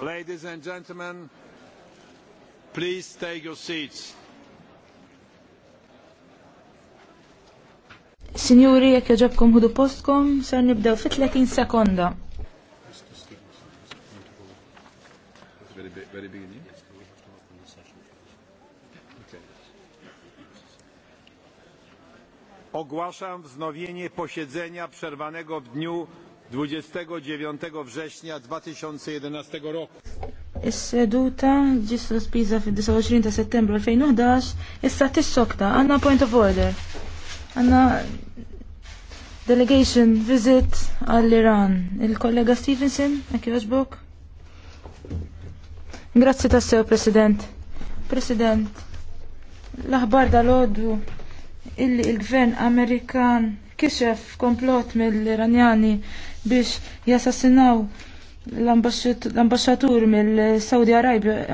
Ladies and gentlemen, please take your seats. Signori, jekk joġobkom ħudu postkom, ser nibdew fi 30 sekonda. Ogłaszam wznowienie posiedzenia przerwanego w dniu 29 września 2011 roku. Is-seduta ġi sospiża fid-29 ta' settembru 2011, issa tissokta, għandna point of order. Għandna delegation visit għall-Iran. Il-kollega Stevenson, ekki oġbok? Grazzi ta' tassew, President. President, l-aħbar dal-ħodu illi il-gvern Amerikan kixef komplot mill-Iranjani biex jassassinaw l l-Ambaxxatur mill-Saudi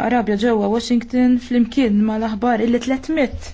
Arabia ġewwa Washington flimkien mal-aħbar illi mitt.